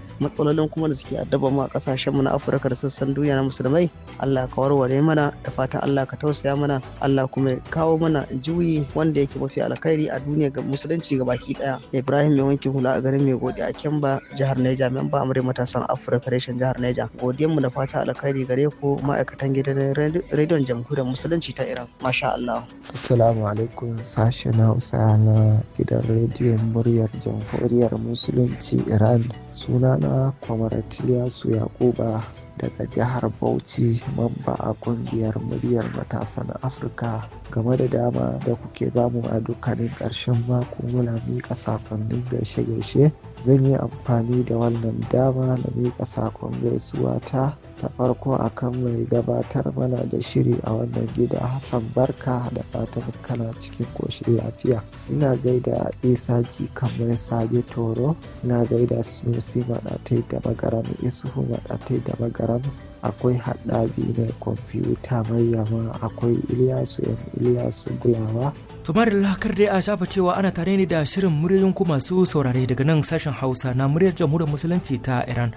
matsalolin kuma da suke addaba mu a kasashen mu na Afirka da sassan duniya na musulmai Allah ka warware mana da fatan Allah ka tausaya mana Allah kuma ya kawo mana juyi wanda yake mafi alkhairi a duniya ga musulunci ga baki daya Ibrahim ya wanke hula a garin mai godiya a Kemba jihar Niger memba amurai matasan Afirka reshen jihar Niger godiyan mu da fatan alkhairi gare ku ma'aikatan gidan rediyon jamhuriyar musulunci ta Iran masha Allah Assalamu alaikum sashe na usana gidan rediyon muryar jamhuriyar musulunci Iran sunana su yakuba daga jihar bauchi mamba a ƙungiyar muryar matasan afirka game da dama da kuke bamu a dukkanin ƙarshen mako muna miƙa saƙonnin gaishe-gaishe zan yi amfani da wannan dama na miƙa saƙon gaisuwa ta ta farko akan mai gabatar mana da shiri a wannan gida hassan barka da fatan kana cikin koshin lafiya ina gaida isa ji kamar sage toro ina gaida sunusi maɗatai da magaram isuhu maɗatai da magaram akwai haɗabi mai kwamfuta mai yama akwai iliyasu yan iliyasu gulawa tumar lakar dai a shafa cewa ana tare ne da shirin muryoyin ku masu saurare daga nan sashen hausa na muryar jamhuriyar musulunci ta iran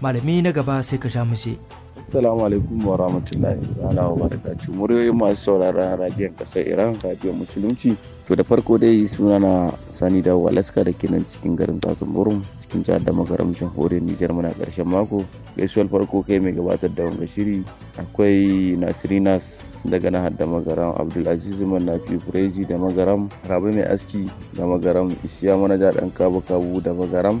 malami na gaba sai ka sha mace. Assalamu alaikum wa rahmatullahi ta'ala wa barakatuh. Muryoyin masu sauraron radiyon kasar Iran, radiyon musulunci. To da farko dai suna na Sani da walaska da ke nan cikin garin Tsatsun cikin jihar da magaram jamhuriyar Nijar muna karshen mako. Gaisuwar farko kai mai gabatar da wanga shiri akwai Nasirinas daga na da magaram Abdulaziz Manafi Furezi da magaram Rabi Mai Aski da magaram Isiya Manaja Dan Kabu Kabu da magaram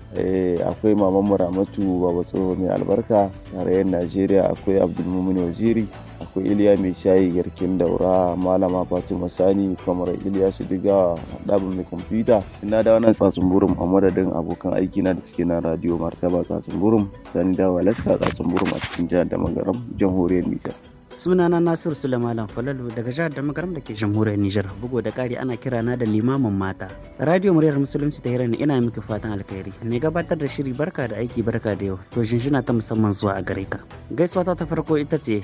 Eh, akwai maman muramatu baba tsoho mai albarka tarayyar najeriya akwai abdulmumin waziri akwai iliya mai shayi garkin daura malama fatima sani kamar iliya su diga ɗabin mai kwamfuta ina da wannan tsatsun burum a madadin abokan aiki na da suke nan radio martaba tsatsun burum sani da walaska tsatsun burum a cikin jihar da magaram jamhuriyar nijar sunana nasiru sulaiman falalu daga jihar da makaram da ke jamhuriyar nijar bugu da kari ana kira na da limamin mata radio muryar musulunci ta hirar ina miki fatan alkhairi mai gabatar da shiri barka da aiki barka da yau to shinshina ta musamman zuwa a gare ka gaisuwa ta farko ita ce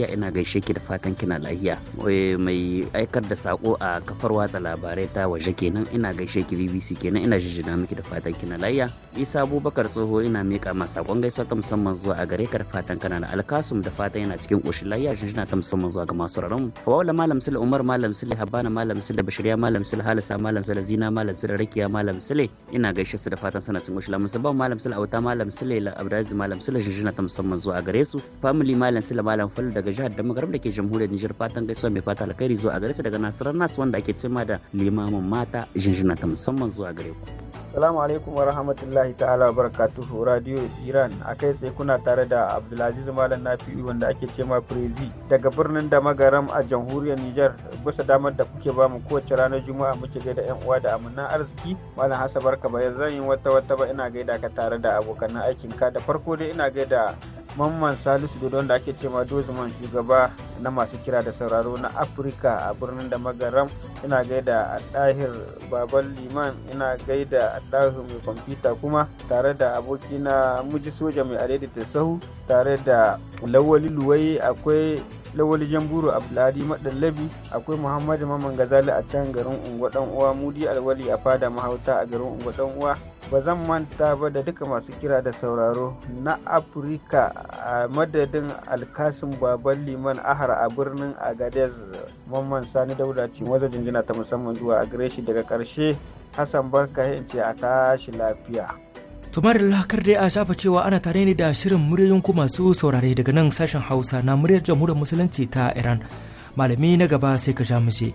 lafiya ina gaishe ki da fatan kina lafiya mai aikar da sako a kafar watsa labarai ta waje kenan ina gaishe ki BBC kenan ina jijjina miki da fatan kina lafiya Isa Abubakar tsoho ina mika ma sakon gaisuwa ta musamman zuwa a gare ka da fatan kana da alkasum da fatan yana cikin koshin lafiya jijjina ta musamman zuwa ga masu raron Fawala Malam Sule Umar Malam Sule Habana Malam Sule Bashiriya Malam Sule Halisa Malam Sule Zina Malam Sule Rakiya Malam Sule ina gaishe su da fatan sana cikin koshin musamman Malam Sule Auta Malam Sule Abdulaziz Malam Sule jijjina ta musamman zuwa a gare su family Malam Sule Malam Fal da daga jihar da magarab da ke jamhuriyar Nijar fatan gaisuwa mai fata alkhairi zuwa gare su daga Nasarar nasu wanda ake cima da limamin mata jinjina ta musamman zuwa gare ku. Salamu alaikum wa rahmatullahi ta'ala wa barakatuhu Radio Iran a kai sai kuna tare da Abdulaziz Malam Nafi'u wanda ake ce ma Prezi daga birnin da magaram a jamhuriyar Nijar bisa damar da kuke bamu kowace ranar Juma'a muke da yan uwa da amina arziki Malam hasabar barka bayan zan yi wata wata ba ina gaida ka tare da abokan aikin ka da farko dai ina gaida Mamman Salisu Dodon da ake cewa Dozman shugaba na masu kira da sauraro na Afirka a birnin da magaram ina gaida a ɗahir baban liman ina gaida a ɗahir mai kwamfuta kuma tare da abokina muji soja mai da sahu tare da lawali luwai akwai lawali jamburu abdulhadi madallabi akwai muhammadu mamman gazali a can garin unguwa dan uwa mudi alwali a fada mahauta a garin unguwa dan uwa ba zan manta ba da duka masu kira da sauraro na afirka a madadin alkasin baban liman ahar a birnin agadez mamman sani dauda ce wajen jinjina ta musamman zuwa a gare shi daga karshe hassan barka ce a tashi lafiya tumar lakar dai a shafa cewa ana tare ne da shirin muryoyin masu saurare daga nan sashen hausa na muryar jamhuriyar musulunci ta iran malami na gaba sai ka sha mace.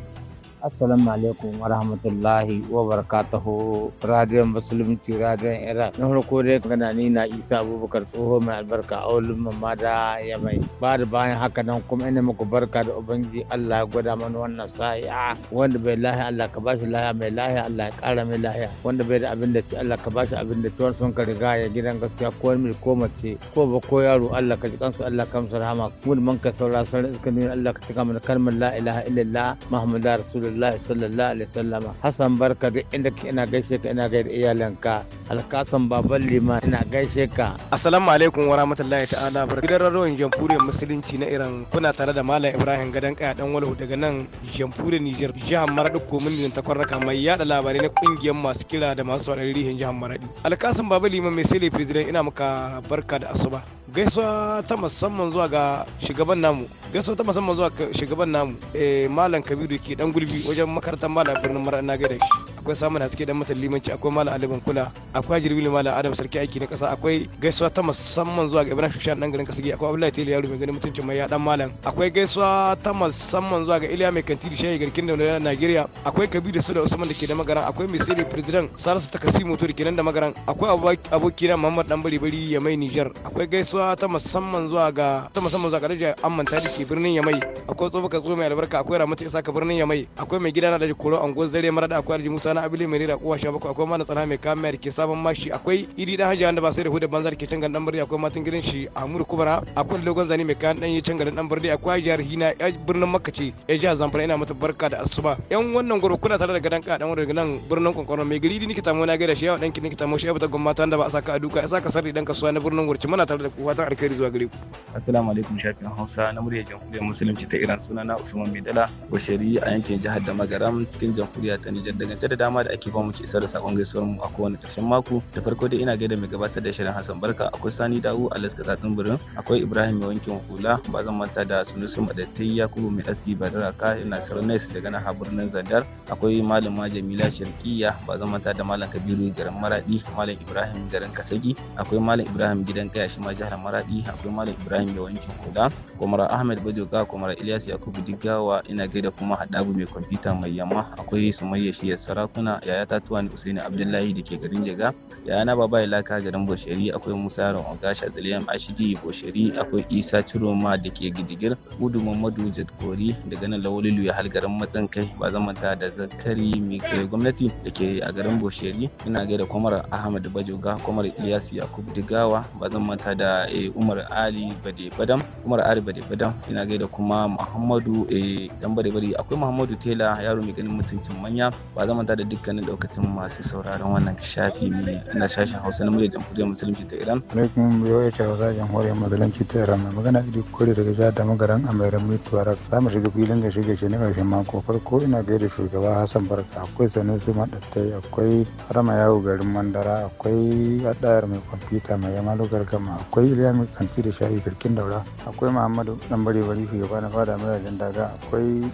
assalamu alaikum wa rahmatullahi wa barakatuhu radiyon musulunci radiyon iran na farko dai magana ni na isa abubakar tsoho mai albarka a wulin mamma da ya mai ba da bayan haka nan kuma ina muku barka da ubangi allah ya gwada mana wannan sa'i'a wanda bai lahiya allah ka bashi lahiya mai lahiya allah ya kara mai lahiya wanda bai da abin da ci allah ka bashi abin da ci wani sun ka riga ya gidan gaskiya ko mil ko mace ko ba ko yaro allah ka ji kansu allah ka musu rahama kuma man ka saurara sanar iska nuna allah ka cika mana kalmar la ilaha illallah muhammadu rasulullah rasulullahi sallallahu alaihi wasallama hasan barka duk inda ka ina gaishe ka ina gaida iyalanka alkasan baban lima ina gaishe ka assalamu alaikum wa rahmatullahi ta'ala barka gidan rarrawan jamhuriyar musulunci na iran kuna tare da malam ibrahim gadan kaya dan walhu daga nan jamhuriyar niger jihar maradi ko mun ta kwarraka mai yada labarai na kungiyar masu kira da masu wadari rihin jihar maradi alkasan baban lima mai sele president ina maka barka da asuba gaisuwa ta musamman zuwa ga shugaban namu gaisuwa ta musamman zuwa ga shugaban namu eh, malam kabiru ke dan gulbi wajen makarantar malam birnin mara na gaida shi akwai samun haske dan matan limanci akwai malam aliban kula akwai jirbili malam adam sarki aiki na kasa akwai gaisuwa ta musamman zuwa ga ibrahim shushan dan garin kasige akwai abdullahi tele yaro mai ganin mutuncin mai ya dan malam akwai gaisuwa ta musamman zuwa ga iliya mai kantiri shayi garkin da na nigeria akwai kabiru su da usman da ke da magaran akwai mai sirri president salisu takasimu to da ke nan da magaran akwai abokina muhammad dan bari bari ya mai niger akwai gaisuwa ta musamman zuwa ga ta musamman zuwa ga Raja Amman ta dake birnin Yamai akwai tsofa ka mai albarka akwai Ramatu Isa ka birnin Yamai akwai mai gidana da Koro an Angon Zare Marada akwai Alhaji Musa na Abili Mai Rira Kuwa Shabako akwai Mana Tsana Mai Kamar ke Sabon Mashi akwai Idi Dan Hajji wanda ba sai da hudu banzar ke cangan dan birni akwai Matin Girin shi Amur Kubara akwai Logon Zani Mai Kayan Dan yi cangan dan birni akwai Jihar Hina birnin Makkace ya ji Zamfara ina mata barka da asuba yan wannan gurbu kuna tare da gadan ka dan wurin nan birnin Kwankwaron mai gari ni kitamo na gaida shi yau dan ki ni kitamo shi ya ta gwamnati da ba a saka a duka ya saka sarri dan kasuwa na birnin Wurci muna tare da ku watan alkhairi zuwa gare ku assalamu alaikum shafin hausa na muryar jamhuriyar musulunci ta iran sunana usman maidala bashari a yankin jihar da magaram cikin jamhuriya ta nijar dangance da dama da ake bamu ke isar da sakon gaisuwar mu a kowane ƙarshen mako da farko dai ina gaida mai gabatar da shirin hassan barka akwai sani dawu alaska tsatsin birin akwai ibrahim mai wankin hula ba zan manta da sunusu madattai yakubu mai aski badaraka ina sarnes daga na birnin zadar akwai malama jamila shirkiya ba zan manta da malam kabiru garin maradi malam ibrahim garin kasagi akwai malam ibrahim gidan kaya shi ma jihar maradi akwai malam ibrahim mai wankin hula kwamara ahmed bajoga kwamara ilyas yakubu digawa ina gaida kuma haɗabu mai kwamfuta mai yamma akwai sumayya shiyar sarakuna yaya tatuwa ni usaini abdullahi da ke garin jega yaya na baba ilaka garin bosheri akwai musa yaron ogasha zaliyam ashidi bosheri akwai isa ciroma da ke gidigir gudu mamadu jadkori daga nan lawalilu ya hal garin matsan kai ba zamanta da zakari mai gwamnati da ke a garin bosheri ina gaida kwamara ahmed bajoga kwamara ilyas yakubu digawa ba zan manta da Eh, Umar Ali Bade Badam Umar Ali Bade Badam ina gaida kuma Muhammadu eh, dan Bade Bade akwai Muhammadu Tela yaro mai ganin mutuncin manya ba zama da dukkanin daukacin masu sauraron wannan shafi mai na sashen Hausa na muryar Jamhuriyar Musulunci ta Iran alaikum biyoyi ta Hausa Jamhuriyar Musulunci ta Iran mai magana Idi Kore daga jihar Damagaran Amairan Mutuwar za mu shiga filin ga shiga shi na karshen mako farko ina gaida shugaba Hassan Barka akwai Sanusi Madattai akwai rama Yawo garin Mandara akwai Adayar mai kwamfuta mai yamalu gargama akwai iliya kanti da shayi firkin daura akwai muhammadu dan bare bari shugaba na fada mazajen daga akwai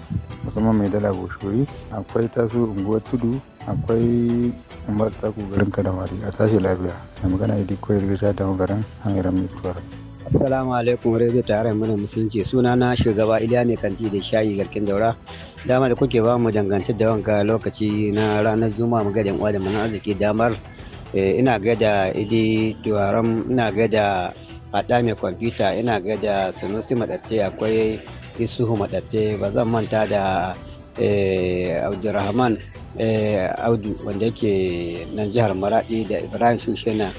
musamman mai dala bushori akwai taso unguwar tudu akwai umar taku garin kadamari a tashi lafiya da magana idi koyar ta da magaran hanyar mutuwar Assalamu alaikum ta tare mana musulunci suna na shugaba Iliya ne kanti da shayi garkin daura dama da kuke ba mu dangantar da wanka lokaci na ranar juma'a mu ga da uwa da mana arziki damar eh, ina gada idi tuwaram ina gada haɗa mai kwamfuta ina gaida sanusi maɗatte akwai isuhu maɗatte ba zan manta da eh, abdurrahman eh, audu wanda yake nan jihar maradi da ibrahim shushena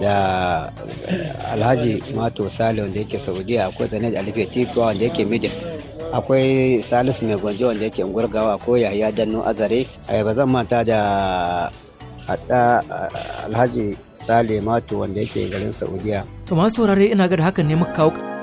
da eh, alhaji mato sale wanda yake saudiya akwai zanen alife tikuwa wanda yake midin akwai salisu mai gwanje wanda yake gurgawa ko yahaya danno azare ba zan manta da alhaji Sale Mato wanda yake garin Saudiya. To masu saurare ina ga da hakan ne muka kawo